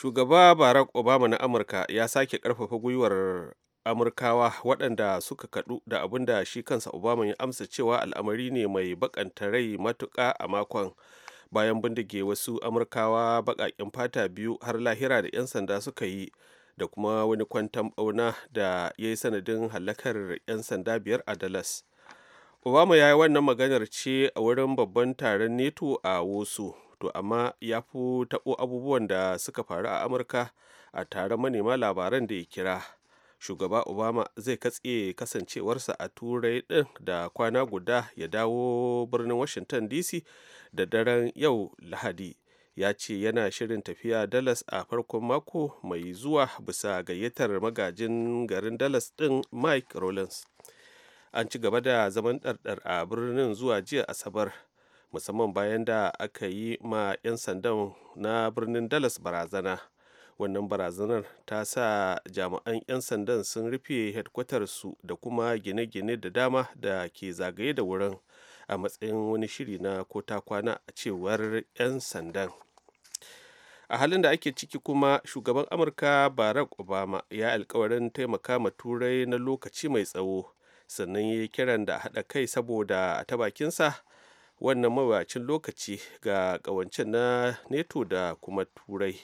shugaba barack obama na amurka ya sake karfafa gwiwar amurkawa waɗanda suka kaɗu da abin da shi kansa obama ya amsa cewa al'amari ne mai bakanta rai matuƙa a makon bayan bindige wasu amurkawa baƙaƙen fata biyu har lahira da 'yan sanda suka yi da kuma wani kwantan ɓauna da ya yi sanadin halakar 'yan sanda biyar a dallas obama ya yi wannan maganar ce a wurin babban taron neto a wosu to amma ya fi taɓo abubuwan da suka faru a amurka a tare manema labaran da ya kira shugaba obama zai katse kasancewarsa a turai ɗin da kwana guda ya dawo birnin washington dc da daren yau lahadi ya ce yana shirin tafiya dallas a farkon mako mai zuwa bisa gayyatar magajin garin dallas ɗin mike rollins an ci gaba da zaman ɗarɗar a birnin zuwa jiya asabar musamman bayan da aka yi ma 'yan sandan na birnin dallas barazana wannan barazanar ta sa jami'an 'yan sandan sun rufe su da kuma gine-gine da dama da ke zagaye da wurin a matsayin wani shiri na ko ta kwana a cewar 'yan sandan a halin da ake ciki kuma shugaban amurka barack obama ya alkawarin taimaka ma turai na lokaci mai tsawo sannan ya yi kiran da haɗa kai saboda ta bakinsa wannan mawacin lokaci ga ƙawance na neto da kuma turai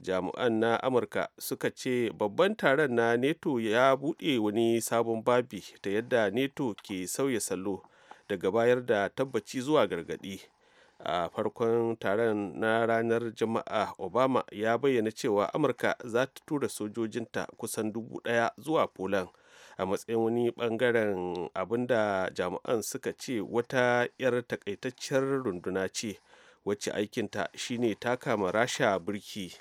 jami'an na amurka suka ce babban taron na neto ya buɗe wani sabon babi ta yadda neto ke sauya salo daga bayar da tabbaci zuwa gargadi a farkon taron na ranar jama'a obama ya bayyana cewa amurka za ta tura sojojinta kusan dubu daya zuwa poland a matsayin wani bangaren abinda jami'an suka ce wata 'yar takaitacciyar runduna ce wacce aikinta shine ta kama rasha birki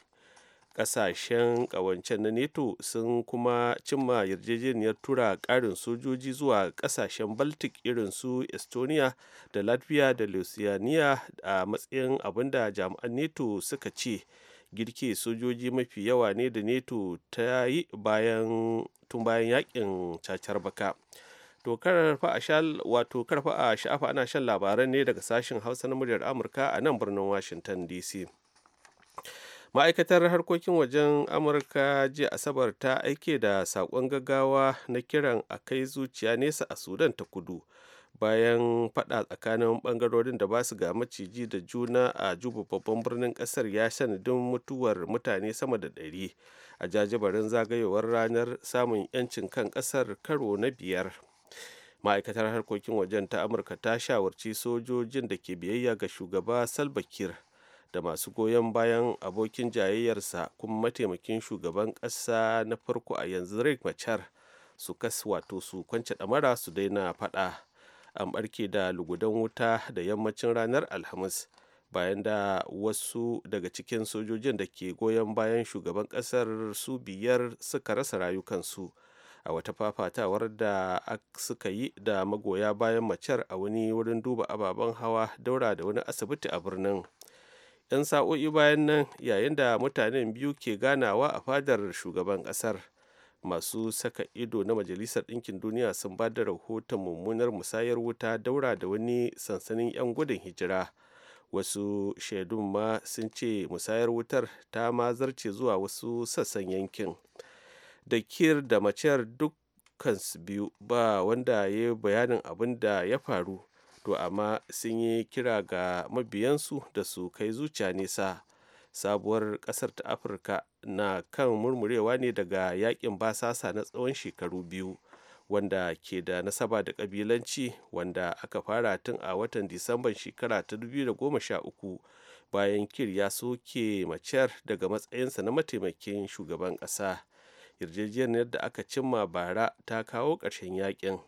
kasashen kawancen na neto sun kuma cimma yarjejeniyar tura karin sojoji zuwa kasashen baltic irin su estonia da latvia da lithuania a matsayin abinda jami'an neto suka ce girke sojoji mafi yawa ne da neto ta yi tun bayan yakin cacar baka to karfa a sha'afa ana shan labaran ne daga sashen hausa na muryar amurka a nan birnin washington dc ma'aikatar harkokin wajen amurka jiya asabar ta aike da saƙon gaggawa na kiran a kai zuciya nesa a sudan ta kudu bayan fada tsakanin bangarorin da ba su ga maciji da juna a jubu babban birnin kasar ya sanadin mutuwar mutane sama da ɗari a jajibarin zagayowar ranar samun 'yancin kan kasar karo na biyar ma'aikatar harkokin wajen ta amurka ta shawarci sojojin da ke biyayya ga shugaba salva kiir da masu goyon bayan abokin jayayyarsa kuma mataimakin shugaban ƙasa na farko a yanzu rick machar su kas wato su kwance ɗamara su daina faɗa an barke da lugudan wuta da yammacin ranar alhamis bayan da wasu daga cikin sojojin da ke goyon bayan shugaban kasar su biyar suka rasa rayukansu a wata fafatawar da suka yi da magoya bayan macer a wani wurin duba ababen hawa daura da wani asibiti a birnin yan sa'o'i bayan nan yayin da mutanen biyu ke ganawa a fadar shugaban kasar masu saka ido na majalisar ɗinkin duniya sun ba da rahoton mummunar musayar wuta daura da wani sansanin 'yan gudun hijira wasu shaidun ma sun ce musayar wutar ta ma zarce zuwa wasu sassan yankin da kir da maciyar dukkansu biyu ba wanda ya yi bayanin abin da ya faru to amma sun yi kira ga mabiyansu da su kai zuciya nesa sabuwar kasar ta afirka na kan murmurewa ne daga yakin basasa na tsawon shekaru biyu wanda ke da nasaba da kabilanci wanda aka fara tun a watan disamban shekara ta 2013 bayan kir ya soke macer daga matsayinsa na mataimakin shugaban ƙasa yarjejeniyar da aka cimma bara ta kawo ƙarshen yakin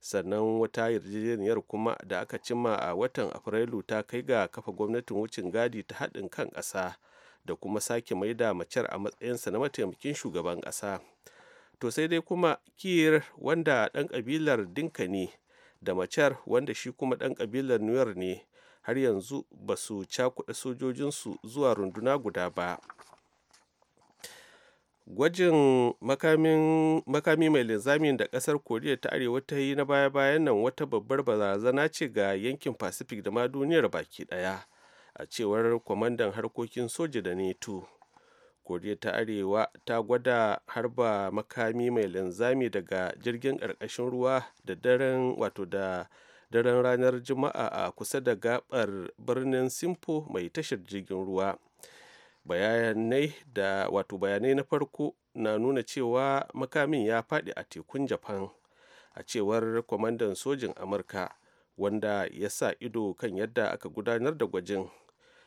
sannan wata yarjejeniyar kuma da aka cimma a watan afrilu ta kai ga kafa gwamnatin wucin gadi ta haɗin kan ƙasa da kuma sake maida macar a matsayinsa na mataimakin shugaban ƙasa to sai dai kuma kiyar wanda ɗan ƙabilar dinka ne da macar wanda shi kuma ɗan ƙabilar nuyar ne har yanzu ba su cakuɗa sojojinsu zuwa runduna guda ba gwajin makami mai linzamin da ƙasar koriya ta arewa ta yi na baya-bayan nan wata babbar barazana ce ga yankin pacific da ma duniyar baki ɗaya. a cewar kwamandan harkokin soja da neto koriya ta arewa ta gwada harba makami mai linzami daga jirgin ƙarƙashin ruwa da daren wato da daren ranar juma'a a kusa da gabar birnin simpo mai tashar jirgin ruwa bayanai da wato bayanai na farko na nuna cewa makamin ya faɗi a tekun japan a cewar kwamandan sojin amurka wanda ya sa ido kan yadda aka gudanar da gwajin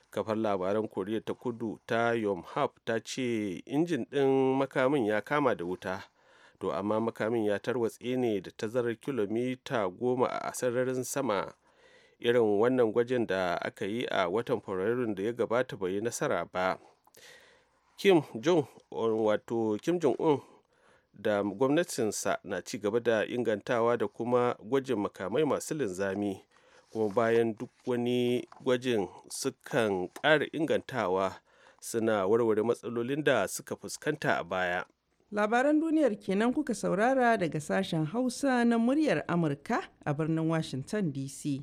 kafar labaran koriya ta kudu ta yomhap ta ce injin ɗin makamin ya kama da wuta to amma makamin ya tarwatse ne da tazarar kilomita goma a sararin sama irin wannan gwajin da aka yi a watan fabrairun da ya gabata bai yi nasara ba kim jong wato kim jong un da gwamnatinsa na ci gaba da ingantawa da kuma gwajin makamai masu linzami kuma bayan duk wani gwajin sukan ƙara ingantawa suna warware matsalolin da suka fuskanta a baya labaran duniyar kenan kuka saurara daga sashen hausa na muryar amurka a birnin washington dc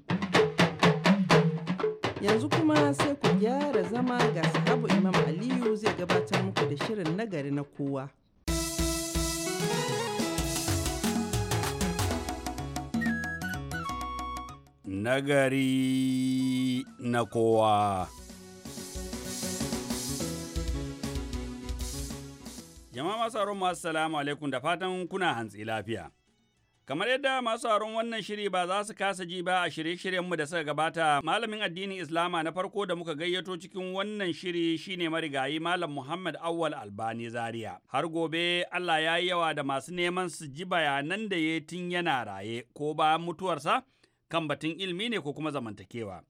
yanzu kuma sai ku gyara zama ga sahabu imam aliyu zai gabatar muku da shirin nagari na kowa nagari na kowa. Jama'a masu haron masu salamu alaikum da fatan kuna hantsi lafiya. Kamar yadda masu haron wannan shiri ba za su kasa ji ba a shirye-shiryenmu da suka gabata, malamin addinin Islama na farko da muka gayyato cikin wannan shiri shine marigayi Malam Muhammad Awwal Albani Zaria. Har gobe Allah ya yi yawa da masu neman su ji bayanan da ya tun yana raye ko ba mutuwarsa. kan batun ilmi ne ko kuma zamantakewa.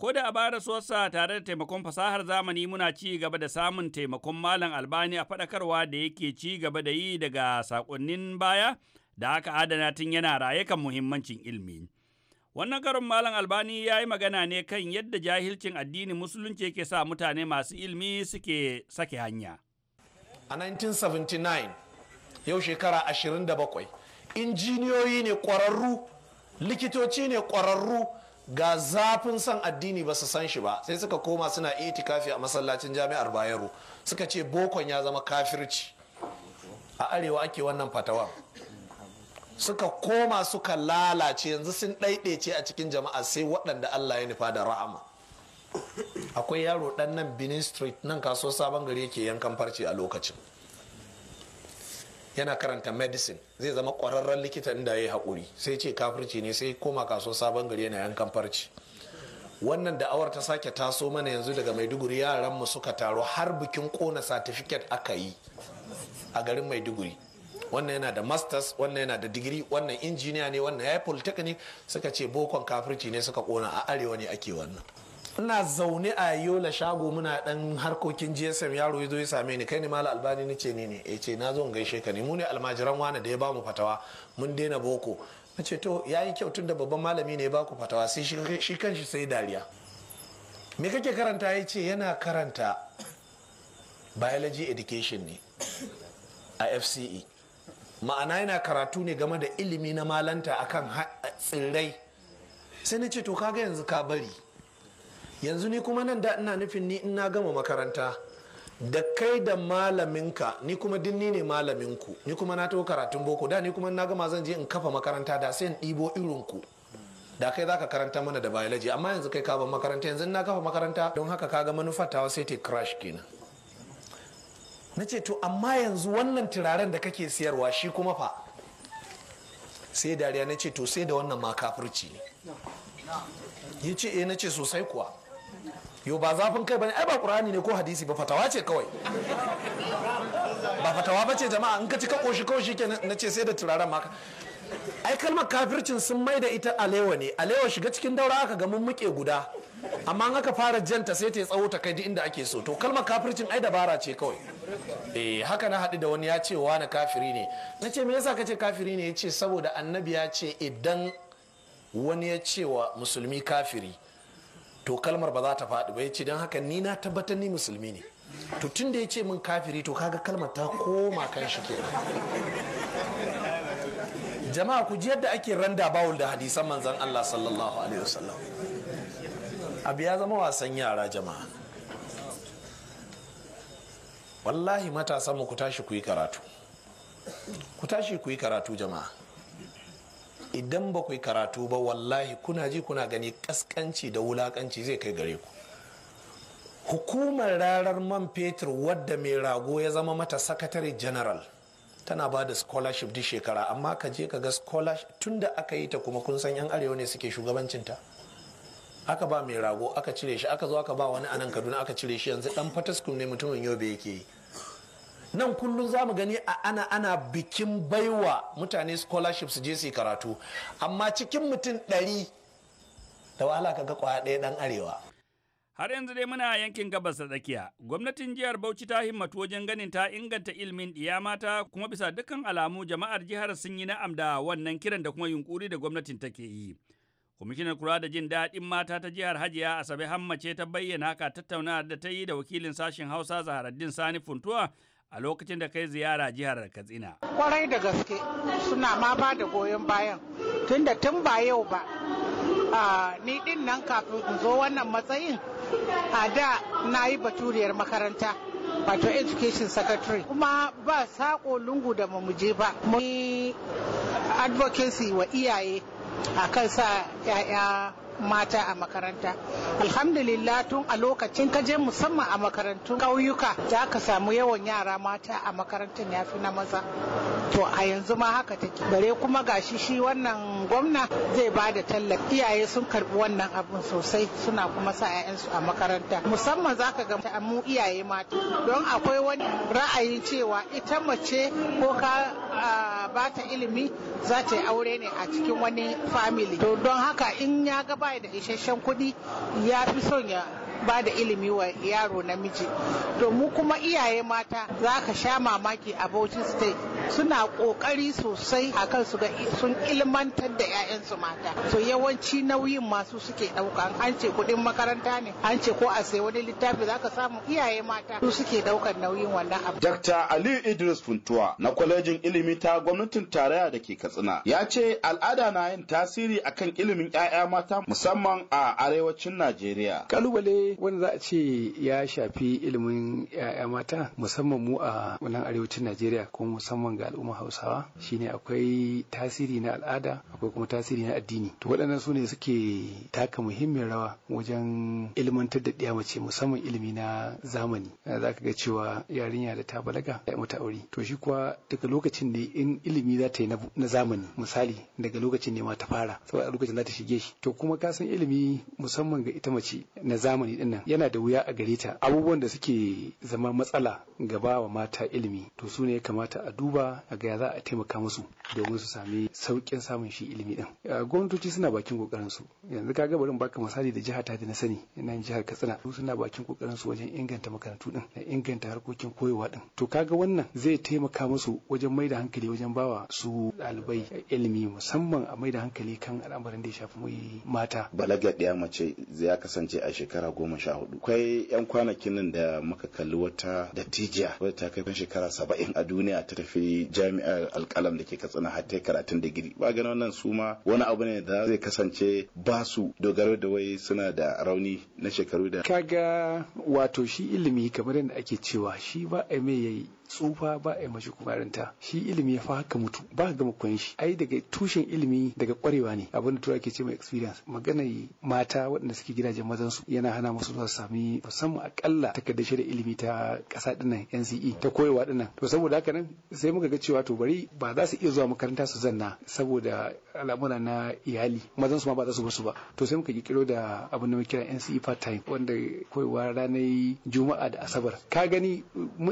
Ko da a bara sosa tare da taimakon fasahar zamani muna ci gaba da samun taimakon Malam Albani a faɗakarwa da yake ci gaba da yi daga saƙonnin baya da aka adana tun yana raye kan muhimmancin ilmi. Wannan karon Malam Albani ya yi magana ne kan yadda jahilcin addini musulunci ke sa mutane masu ilmi suke sake hanya. A 1979, yau shekara 27, injiniyoyi ne ƙwararru likitoci ne ƙwararru ga zafin son addini ba su san shi ba sai suka koma suna itikafi a masallacin jami'ar bayero suka ce bokon ya zama kafirci a arewa ake wannan fatawa suka koma suka lalace yanzu sun ɗaiɗaice a cikin jama'a sai waɗanda allah ya nufa da ra'ama akwai yaro ɗan nan benin street nan kaso sabon gari yake yankan farce a lokacin yana karanta medicine zai zama kwararren likita inda ya yi haƙuri sai ce kafirci ne sai koma kasuwar sabon gari yana yankan farci wannan awar ta sake taso mana yanzu daga maiduguri mu suka taro har bikin kona certificate aka yi a garin maiduguri wannan yana da masters wannan yana da digiri wannan injiniya ne wannan ya yi polytechnic suka ce bokon kafirci ne suka kona a arewa ne ake wannan ina zaune a yola shago muna dan harkokin gsm yaro ya zo ya same ni kai ne mala albani ni ce ni ne ya ce na zo in gaishe ka ne mu ne almajiran wani da ya bamu fatawa mun daina boko na ce to ya yi kyau da babban malami ne ya baku fatawa sai shi kanshi sai dariya me kake karanta ya ce yana karanta biology education ne a fce ma'ana yana karatu ne game da ilimi na malanta akan tsirrai sai na ce to kaga yanzu ka bari yanzu ni kuma nan da ina nufin ni ina gama makaranta da kai da malaminka ni kuma dinni ne malaminku ni kuma na taho karatun boko da ni kuma na gama zan je in kafa makaranta da sai in ɗibo irinku da kai zaka karanta mana da biology amma yanzu kai kaban makaranta yanzu na kafa makaranta don haka kaga manufar ta sai ta crash kenan na ce to amma yanzu wannan turaren da kake siyarwa shi kuma fa sai dariya na ce to sai da wannan ma kafirci ne ya ce eh na ce sosai kuwa yo ba zafin kai bane ai ba qur'ani ne ko hadisi ba fatawa ce kawai ba fatawa ba ce jama'a in ka ci ka koshi kawai ke na ce sai da turaren maka ai kalmar kafircin sun mai da ita alewa ne alewa shiga cikin daura aka ga mun muke guda amma in aka fara janta sai ta tsawo ta kai duk inda ake so to kalmar kafircin ai dabara ce kawai eh haka na haɗu da wani ya ce wa na kafiri ne na ce me yasa ka ce kafiri ne ya ce saboda annabi ya ce idan wani ya ce wa musulmi kafiri to kalmar ba za ta faɗi ba ya ce don haka ni na tabbatar ni musulmi ne to tun da ya ce min kafiri to kaga kalmar ta koma kan shi ke jama'a ku ji yadda ake randa bawul da hadisan manzan Allah sallallahu alaihi wasallam abu ya zama wasan yara jama'a wallahi matasa mu ku tashi ku yi karatu ku tashi ku yi karatu jama'a idan ba ku yi karatu ba wallahi kuna ji kuna gani kaskanci da wulakanci zai kai gare ku hukumar rarar man fetur wadda mai rago ya zama mata sakatare general tana ba da scholarship duk shekara amma ka je ka ga scholarship tun da aka yi ta kuma kun san yan arewa ne suke shugabancinta aka ba mai rago aka cire shi aka zo aka ba wani anan kaduna aka cire shi yanzu dan fataskum ne mutumin yobe yake yi nan kullum za mu gani a ana ana bikin baiwa mutane scholarship su je su yi karatu amma cikin mutum ɗari da wahala kaga kwaya ɗaya ɗan arewa Har yanzu dai muna yankin gabas da tsakiya. Gwamnatin jihar Bauchi ta himmatu wajen ganin ta inganta ilimin ɗiya mata kuma bisa dukkan alamu jama'ar jihar sun yi na'am da wannan kiran da kuma yunkuri da gwamnatin take yi. Kwamishinan kula da jin daɗin mata ta jihar Hajiya Asabe hamma ce ta bayyana haka tattaunawa da ta yi da wakilin sashen Hausa Zaharaddin Sani Funtuwa a lokacin da kai ziyara jihar Katsina. Kwarai da gaske suna ma ba da goyon bayan tunda tun ba yau ba. Ni din nan kafin in zo wannan matsayin a da na yi baturiyar makaranta wato education secretary kuma ba sako lungu da mamuje ba mu advocacy wa iyaye a kan sa 'ya'ya mata a makaranta alhamdulillah tun a lokacin kaje musamman a makarantun ƙauyuka za ka samu yawan yara mata a makarantar ya fi na maza to a yanzu ma haka take bare kuma gashi shi wannan gwamna zai ba da tallafi iyaye sun karbi wannan abin sosai suna kuma sa 'ya'yansu a makaranta musamman za ka ga mu iyaye mata don akwai wani ra'ayin cewa ita mace ko ka ba ta ilimi za ta yi aure ne a cikin wani family to don haka in ya ga baya da isasshen kuɗi ya fi son ya ba da ilimi wa yaro namiji to mu kuma iyaye mata za ka sha mamaki a Bauchi state suna kokari sosai akan su ga sun ilmantar da 'ya'yansu mata to yawanci nauyin masu suke dauka an ce kuɗin makaranta ne an ce ko a sai wani littafi za ka samu iyaye mata su suke ɗaukan nauyin wannan abu Dr. Ali Idris Funtuwa na kwalejin ilimi ta gwamnatin tarayya da ke Katsina ya ce al'ada na yin tasiri akan ilimin 'ya'ya mata musamman a arewacin Najeriya kalubale wanda za a ce ya shafi ilimin 'ya'ya mata musamman mu a wannan arewacin Najeriya ko musamman ga al'umma hausawa shine akwai tasiri na al'ada akwai kuma tasiri na addini to waɗannan su ne suke taka muhimmin rawa wajen ilmantar da ɗiya mace musamman ilimi na zamani eh, za ka ga cewa yarinya da ta balaga ya mata aure to shi kuwa daga lokacin ne in ilimi za ta yi na zamani misali daga lokacin ne ma ta fara saboda lokacin za ta shige shi to kuma ka san ilimi musamman ga ita mace na zamani din nan yana da wuya a gare ta abubuwan da suke zama matsala gaba wa mata ilimi to su ne ya kamata a duba a ga za a taimaka musu domin su sami saukin samun shi ilimi din gwamnatoci suna bakin kokarin su yanzu kaga bari baka misali da jihar ta da na sani nan jihar Katsina su suna bakin kokarin su wajen inganta makarantu din da inganta harkokin koyewa din to kaga wannan zai taimaka musu wajen da hankali wajen bawa su ɗalibai ilimi musamman a mai da hankali kan al'amarin da ya shafi mai mata balaga ɗaya mace zai kasance a shekara goma sha hudu kwai yan kwanakin nan da muka kalli wata dattijiya wadda ta kai shekara saba'in a duniya ta tafi tafi jami'ar alkalam da ke katsina har ta karatun digiri ba ganin wannan su ma wani abu ne da zai kasance ba su dogaro da wai suna da rauni na shekaru da kaga wato shi ilimi kamar yadda ake cewa shi ba a mai yayi tsufa ba a yi mashi kumarinta shi ilimi ya fa haka mutu ba ka gama koyon shi ai daga tushen ilimi daga kwarewa ne abin da tura ke ce mai experience magana mata waɗanda suke gidajen mazan su yana hana musu zuwa sami musamman akalla takardar shirin ilimi ta ƙasa dinnan NCE ta koyewa nan to saboda haka nan sai muka ga cewa to bari ba za su iya zuwa makaranta su zanna saboda al'amura na iyali mazan su ma ba za su bar su ba to sai muka kikiro da abin da muke kira NCE part time wanda koyewa ranar juma'a da asabar ka gani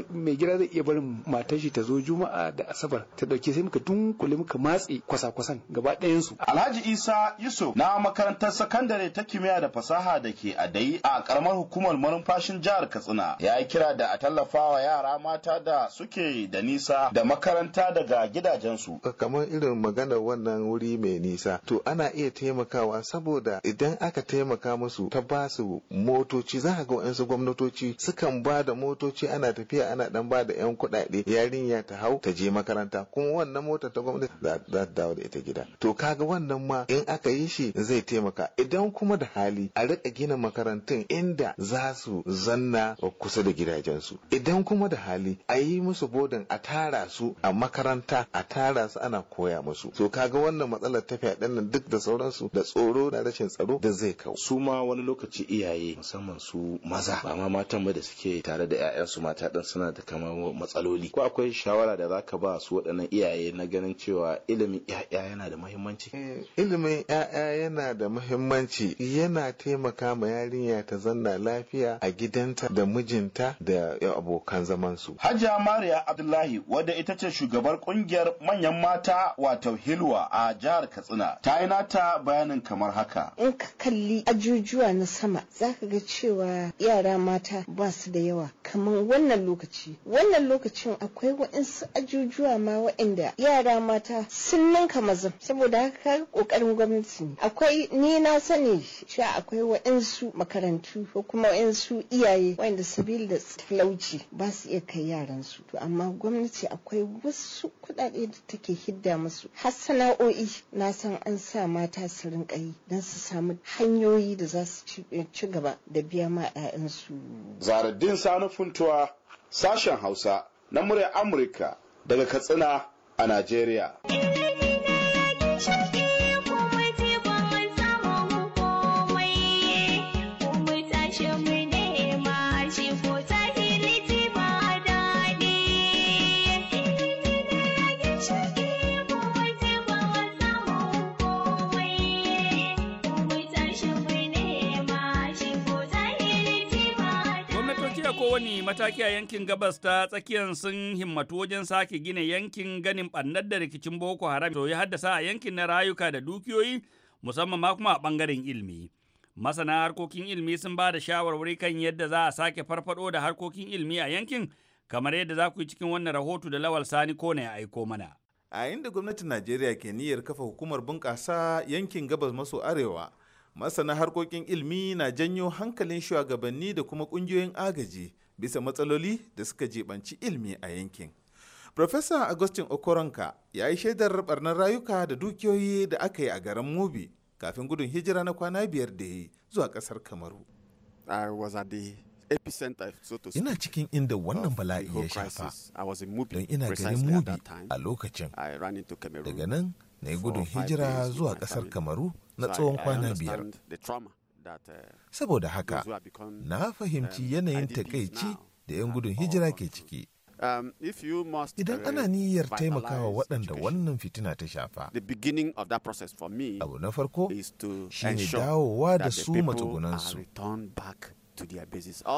mai gida zai iya barin matar shi ta zo juma'a da asabar ta dauke sai muka dunkule muka matse kwasa-kwasan gaba ɗayan su alhaji isa yusuf na makarantar sakandare ta kimiyya da fasaha da ke a dayi a karamar hukumar manumfashin jihar katsina ya yi kira da a tallafawa yara mata da suke da nisa da makaranta daga gidajensu kamar irin maganar wannan wuri mai nisa to ana iya taimakawa saboda idan aka taimaka musu ta ba su motoci za ga wa'yansu gwamnatoci sukan ba da motoci ana tafiya ana dan ba da 'yan kuɗaɗe yarinya ta hau ta je makaranta kuma wannan mota ta gwamnati za ta dawo da ita gida to kaga wannan ma in aka yi shi zai taimaka idan kuma da hali a rika gina makarantun inda za su zanna kusa da gidajensu idan kuma da hali a yi musu bodin a tara su a makaranta a tara su ana koya musu to kaga wannan matsalar ta fyaɗen nan duk da sauransu da tsoro da rashin tsaro da zai kawo su ma wani lokaci iyaye musamman su maza ba ma matan ba da suke tare da 'ya'yansu mata ɗin suna da kamar matsaloli ko akwai shawara da zaka ba su waɗannan iyaye na ganin cewa ilimin 'ya'ya yana da muhimmanci eh, ilimin 'ya'ya yana da mahimmanci. yana taimaka ma yarinya ta zanna lafiya a gidanta da mijinta da abokan zamansu hajja Mariya Abdullahi wadda ita ce shugabar kungiyar manyan mata wato Hilwa a jihar Katsina ta yi nata bayanin kamar haka in ka kalli ajujuwa na sama zaka ga cewa yara mata ba su da yawa kamar wannan lokaci wannan lokaci lokacin akwai waɗansu ajujuwa ma waɗanda yara mata sun ninka mazan saboda haka ƙoƙarin gwamnati ne akwai ni na sani cewa akwai waɗansu makarantu ko kuma waɗansu iyaye waɗanda sabili da talauci ba su iya kai yaransu to amma gwamnati akwai wasu kuɗaɗe da take hidda musu har sana'o'i na san an sa mata su rinka yi don su samu hanyoyi da za su ci gaba da biya ma 'ya'yansu. Zaradin Sani Funtuwa sashen hausa na murya amurka daga katsina a najeriya kowane mataki a yankin gabas ta tsakiyar sun himmatu wajen sake gina yankin ganin ɓannar da rikicin Boko Haram to ya haddasa a yankin na rayuka da dukiyoyi musamman ma kuma a ɓangaren ilimi. Masana harkokin ilmi sun ba da shawarwari kan yadda za a sake farfado da harkokin ilmi a yankin kamar yadda za ku yi cikin wannan rahoto da Lawal Sani na ya aiko mana. A inda gwamnatin Najeriya ke niyyar kafa hukumar bunƙasa yankin gabas maso arewa masana harkokin ilmi na janyo hankalin shugabanni da kuma kungiyoyin agaji bisa matsaloli da suka jebanci ilmi a yankin Profesa Agustin Okoronka ya yi shaidar barnar rayuka da dukiyoyi da aka yi a garin Mubi kafin gudun hijira na kwana biyar da yi zuwa kasar Kamaru. Ina cikin inda wannan bala'i ya shafa don ina ganin Mubi a lokacin. Daga nan na yi gudun hijira zuwa kasar Kamaru na tsawon kwana biyar. Uh, Saboda haka, na fahimci um, yanayin takaici da 'yan gudun hijira ke ciki. Um, Idan ana niyyar taimakawa waɗanda wannan fitina ta shafa, abu na farko shi ne dawowa da su matsugunansu.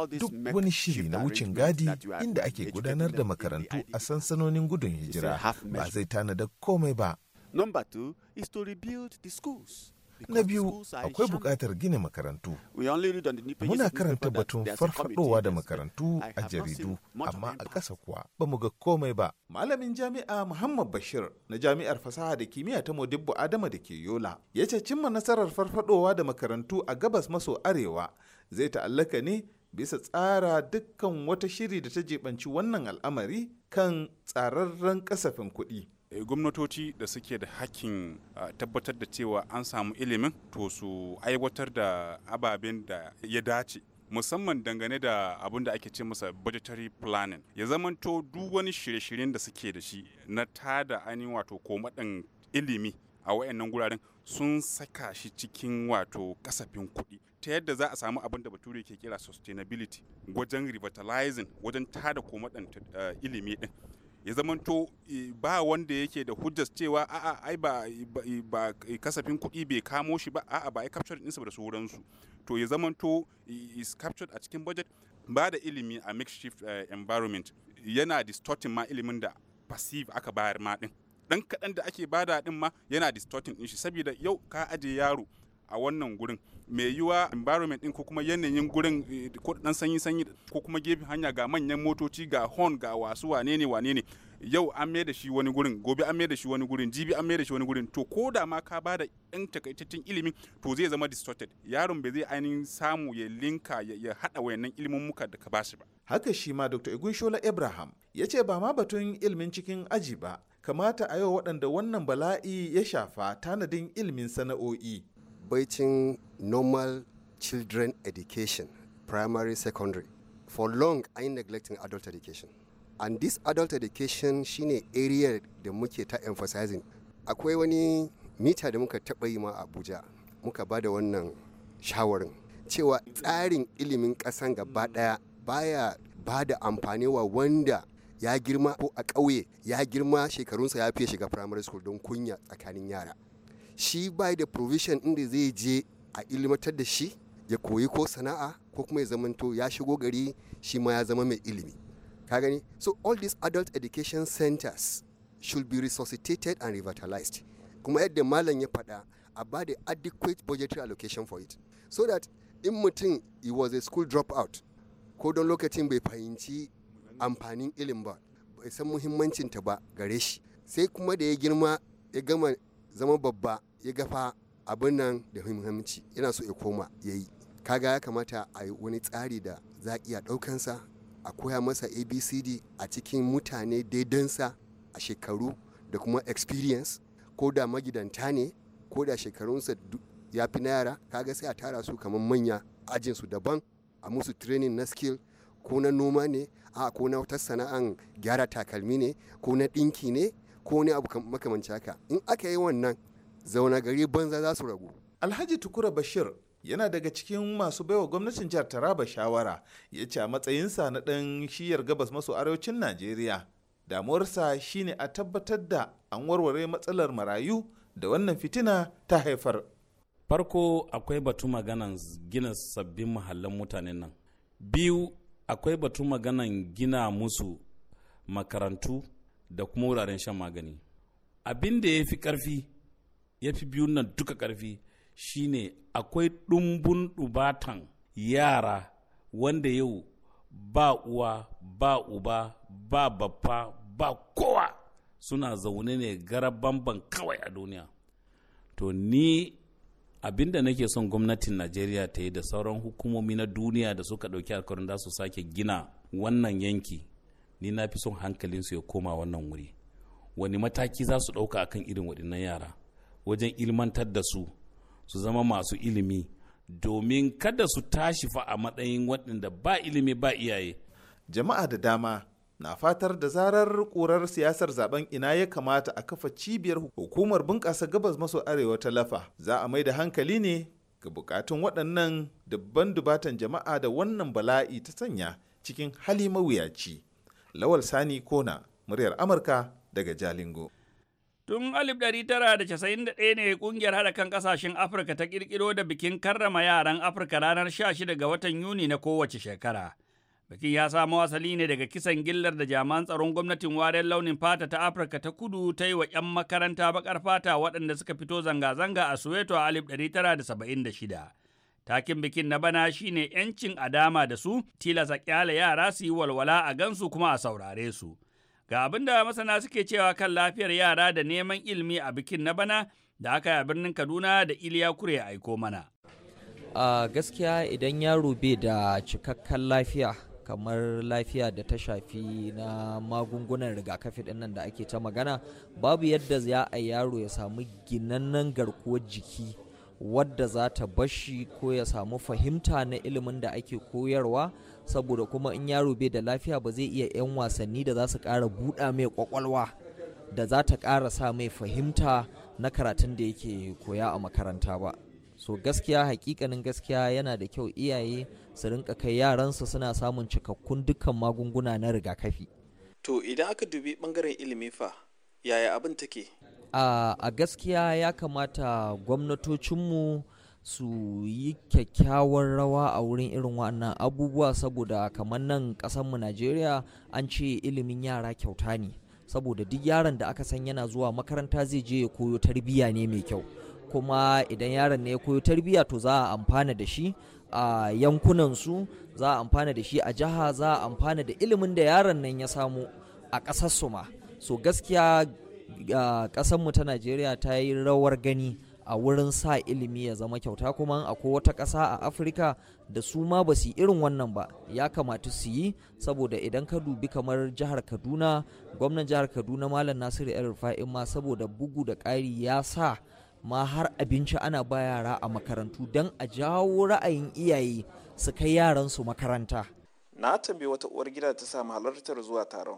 Duk wani shiri na wucin gadi inda ake gudanar da makarantu a sansanonin gudun hijira ba zai tanada komai ba. Number two is to rebuild Na biyu akwai buƙatar gina makarantu. Muna karanta batun farfadowa da makarantu a jaridu amma a ƙasa kuwa ba mu ga komai ba. Malamin jami'a Muhammad Bashir na jami'ar fasaha da kimiyya ta Modibbo Adama da ke Yola ya ce cimma nasarar farfadowa da makarantu a gabas maso arewa zai ta'allaka ne bisa tsara dukkan wata shiri da ta jibanci wannan al'amari kan tsararren kasafin kuɗi. Eh, gwamnatoci da suke da hakkin ah, tabbatar da cewa an samu ilimin to su aiwatar da ababen da ya dace musamman dangane da abin da ake ce masa budgetary planning ya zamanto duk wani shirye-shiryen da suke da shi na tada ainihin wato komaɗin ilimi a wayannan guraren sun saka shi cikin wato kasafin kuɗi ta yadda za a samu abin da bature ke kira sustainability wajen revitalizing wajen tada komaɗin eh, ilimi ɗin ya zamanto ba wanda yake da hujjas cewa a'a ai ba ba kasafin kuɗi bai kamo shi ba a'a ba ai captured ɗinsa da sauransu to ya zamanto is captured a cikin budget ba da ilimi a makeshift eh, environment yana distorting ma ilimin da passive aka bayar ma din dan kaɗan da ake bada din ma yana distorting din shi saboda yau ka aje yaro a wannan gurin mai yiwa environment din ko kuma yanayin gurin eh, ko dan sanyi sanyi ko kuma gefen hanya ga manyan motoci ga horn ga wasu wane ne wane ne yau an mai da shi wani gurin gobe an mai da shi wani gurin jibi an mai da shi wani gurin to ko da ma ka ba da yan takaitaccen ilimin to zai zama distorted yaron bai zai ainihin samu ya linka ya haɗa wayannan ilimin muka da ka ba shi ba haka shi ma dr egunshola ibrahim ya ce ba ma batun ilimin cikin aji ba kamata a yau waɗanda wannan bala'i ya shafa tanadin ilimin sana'o'i baicin normal children education, primary, secondary. For long, I neglecting adult education. And this adult education shine area da muke ta emphasizing. Akwai wani mita da muka taɓa yi ma Abuja, muka ba da wannan shawarin cewa tsarin ilimin ƙasan gaba ɗaya baya ba da amfani wa wanda ya girma ko a ƙauye ya girma shekarunsa ya fiye shiga primary school don kunya tsakanin yara. Shi bai da provision inda zai je a ilimatar da shi ya koyi ko sana'a ko kuma ya zamanto ya shigo gari shi ma ya zama mai ilimi ka gani so all these adult education centers should be resuscitated and revitalized kuma yadda malam ya faɗa a ba da adequate budgetary allocation for it so that in mutum he was a school dropout ko don lokacin bai fahimci amfanin ilim ba bai san muhimmancinta ba gare shi sai kuma da ya girma ya gama zama babba ya gafa abin nan da muhimmanci yana so ya koma ya yi kaga ya kamata a yi wani tsari da za a iya ɗaukansa a koya masa abcd a cikin mutane daidansa a shekaru da kuma experience ko da magidanta ne ko da shekarunsa ya fi na yara kaga sai a tara su kamar manya ajinsu daban a musu training na skill ko na noma ne a ko na wata sana'an gyara takalmi ne ko na ɗinki ne ko wani abu makamanci haka in aka yi wannan zauna gari banza za su ragu alhaji tukura bashir yana daga cikin masu baiwa gwamnatin jihar taraba shawara ya ce a matsayinsa na ɗan shiyar gabas maso arewacin najeriya damuwarsa shine a tabbatar da an warware matsalar marayu da wannan fitina ta haifar farko akwai batu maganan gina sabbin mahallan mutanen nan biyu akwai batu maganan gina musu makarantu da kuma wuraren shan magani abin da ya fi ƙarfi ya fi biyun nan duka ƙarfi shine akwai ɗumbun ɗubatan yara wanda yau ba uwa ba uba ba baffa ba kowa suna zaune ne gara bamban kawai a duniya to ni abinda nake son gwamnatin najeriya ta yi da sauran hukumomi na duniya da suka ɗauki alkawarin da su sake gina wannan yanki ni na fi son hankalinsu ya koma wannan wuri wani mataki za su ɗauka akan irin waɗannan yara wajen ilmantar da su su zama masu ilimi domin kada su tashi fa a matsayin waɗanda ba ilimi ba iyaye jama'a da dama na fatar da zarar ƙurar siyasar zaben ina ya kamata a kafa cibiyar hukumar bunƙasa gabas maso arewa ta lafa za a mai da hankali ne ga bukatun waɗannan dubban dubatan jama'a da wannan bala'i ta sanya cikin hali mawuyaci lawal sani kona muryar amurka daga jalingo Tun 1991 ne kungiyar haɗa kan ƙasashen Afirka ta ƙirƙiro da bikin karrama yaran Afirka ranar 16 ga watan Yuni na kowace shekara. Bikin ya samo asali ne daga kisan gillar da jami'an tsaron gwamnatin wariyar launin fata ta Afirka ta kudu ta yi wa 'yan makaranta bakar fata waɗanda suka fito zanga-zanga a Soweto a 1976. Takin bikin na bana shine 'yancin adama da su tilasa kyale yara su yi walwala a gansu kuma a saurare su. Ga abin da masana suke cewa kan lafiyar yara da neman ilimi a bikin na bana da aka yi a birnin Kaduna da Iliya Kure ya aiko mana. A gaskiya idan yaro bai da cikakken lafiya kamar lafiya da ta shafi na magungunan rigakafi din nan da ake ta magana babu yadda za a yaro ya samu ginannen garkuwar jiki wadda za ta bashi ko ya samu fahimta na ilimin da ake koyarwa saboda kuma in yaro bai da lafiya ba zai iya 'yan wasanni da za su ƙara buɗa mai ƙwaƙwalwa da za ta ƙara sa mai fahimta na karatun da yake koya a makaranta ba so gaskiya hakikanin gaskiya yana da kyau iyaye su rinka kai yaransu suna samun cikakkun dukkan magunguna na rigakafi to idan aka dubi bangaren ilimi fa yaya abin take a gaskiya ya kamata gwamnatocinmu su yi kyakkyawar rawa a wurin irin wannan abubuwa saboda kamar nan mu najeriya an ce ilimin yara kyauta ne saboda duk yaron da aka san yana zuwa makaranta zai je ya koyo tarbiyya ne mai kyau kuma idan yaron ne ya koyo tarbiyya to za a amfana da shi a yankunan su za a amfana da shi a jiha za a amfana da ilimin da yaron nan ya samu a ƙasar ma so gaskiya mu ta najeriya ta yi rawar gani a wurin sa ilimi ya zama kyauta kuma akwai wata kasa a afirka da su ma ba su irin wannan ba ya kamata su yi saboda idan ka dubi kamar jihar kaduna gwamnan jihar kaduna malam nasiru el rufa'in ma saboda bugu da ƙari ya sa ma har abinci ana ba yara a makarantu don a jawo ra'ayin iyaye su kai yaransu makaranta na tambayi wata uwar gida ta samu halartar zuwa taron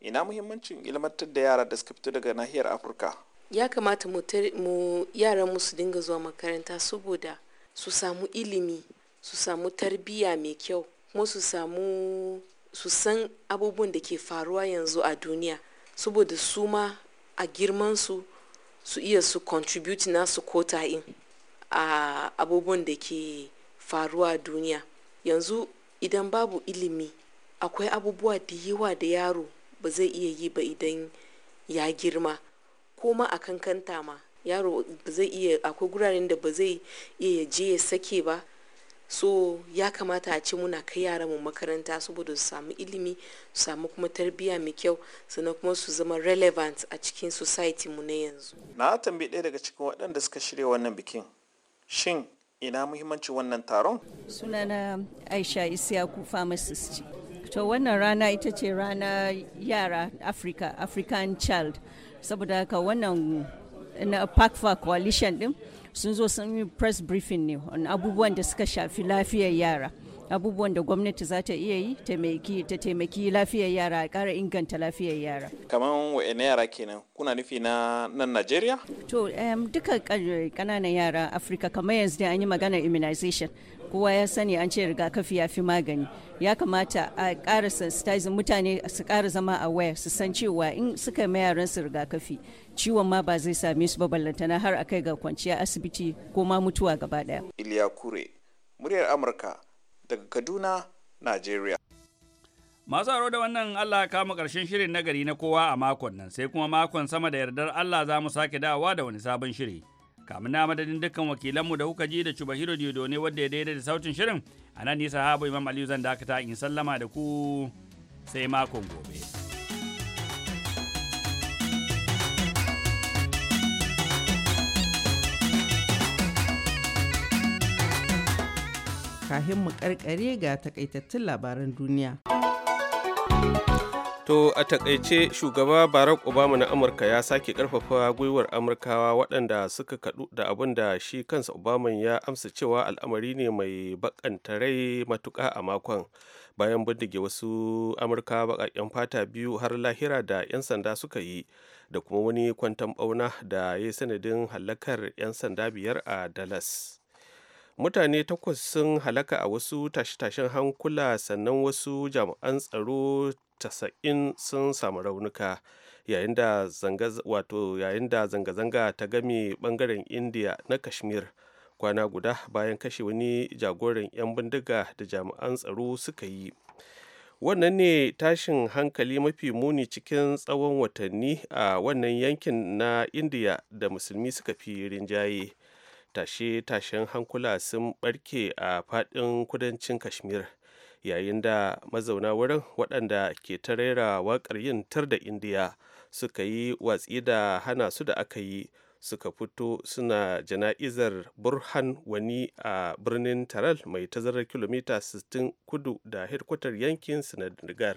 ina muhimmancin ilmantar da yara da suka fito daga nahiyar afirka ya kamata mu yaran mu su dinga zuwa makaranta saboda su samu ilimi su samu tarbiyya mai kyau kuma su samu su san abubuwan da ke faruwa yanzu a duniya saboda su ma a girmansu su iya su contribute su kota in a abubuwan da ke faruwa a duniya yanzu idan babu ilimi akwai abubuwa da yawa da yaro ba zai iya yi ba idan ya girma Koma ma a kankanta ma yaro zai iya akwai guraren da ba zai iya je ya sake ba so ya kamata a ce muna kai yara mu makaranta saboda su samu ilimi su samu kuma tarbiyya mai kyau sannan kuma su zama relevant a cikin society mu na yanzu na tambayi ɗaya daga cikin waɗanda suka shirya wannan bikin shin ina muhimmancin wannan taron sunana aisha isiyaku pharmacist to wannan rana ita ce rana yara africa african child saboda haka wannan na pakfa coalition din sun zo sun yi press briefing ne on abubuwan da suka shafi lafiyar yara abubuwan da gwamnati za ta iya yi ta taimaki lafiyar yara a ƙara inganta lafiyar yara kamar wa'ina yara kenan kuna nufi na nan najeriya to duka ƙananan yara afirka kamar yanzu da an yi magana immunization kowa ya sani an ce rigakafi ya fi magani ya kamata a kara sensitizing mutane su ƙara zama a waya su san cewa in suka ma yaran su rigakafi ciwon ma ba zai same su ba ballantana har a kai ga kwanciya asibiti ko ma mutuwa gaba ɗaya. Iliya Kure, muryar Amurka daga Kaduna, nigeria. Masu aro da wannan Allah ya kama ƙarshen shirin nagari na kowa a makon nan sai kuma makon sama da yardar Allah za mu sake dawowa da wani sabon shiri. kamun na madadin dukkan wakilanmu da kuka ji da Chubahiro Diodo ne wadda ya daidai da sautin shirin a nan nisa habu Imam Aliyu zan dakata in sallama da ku sai makon gobe. Kahin mu karkare ga takaitattun labaran duniya. To a takaice shugaba Barack Obama na Amurka ya sake karfafa gwiwar Amurkawa waɗanda suka kaɗu da abin da shi kansa Obama ya amsa cewa al'amari ne mai bakanta rai matuƙa a makon bayan bindige wasu Amurka baƙaƙen fata biyu har lahira da 'yan sanda suka yi da kuma wani kwantan ɓauna da ya sanadin hallakar 'yan sanda biyar a Dallas. mutane takwas sun halaka a wasu tashe-tashen hankula sannan wasu jami'an tsaro tasa'in sun samu raunuka yayin da zanga-zanga ta game bangaren indiya na kashmir kwana guda bayan kashe wani jagoran 'yan bindiga da jami'an tsaro suka yi wannan ne tashin hankali mafi muni cikin tsawon watanni a wannan yankin na indiya da musulmi suka fi rinjaye tashe-tashen hankula sun barke a faɗin kudancin kashmir yayin da mazauna wurin waɗanda ke ta raira waƙar yin tar da indiya suka yi watsi da hana su da aka yi suka fito suna jana'izar burhan wani a birnin taral mai tazarar kilomita 60 kudu da hedkwatar yankin sinadar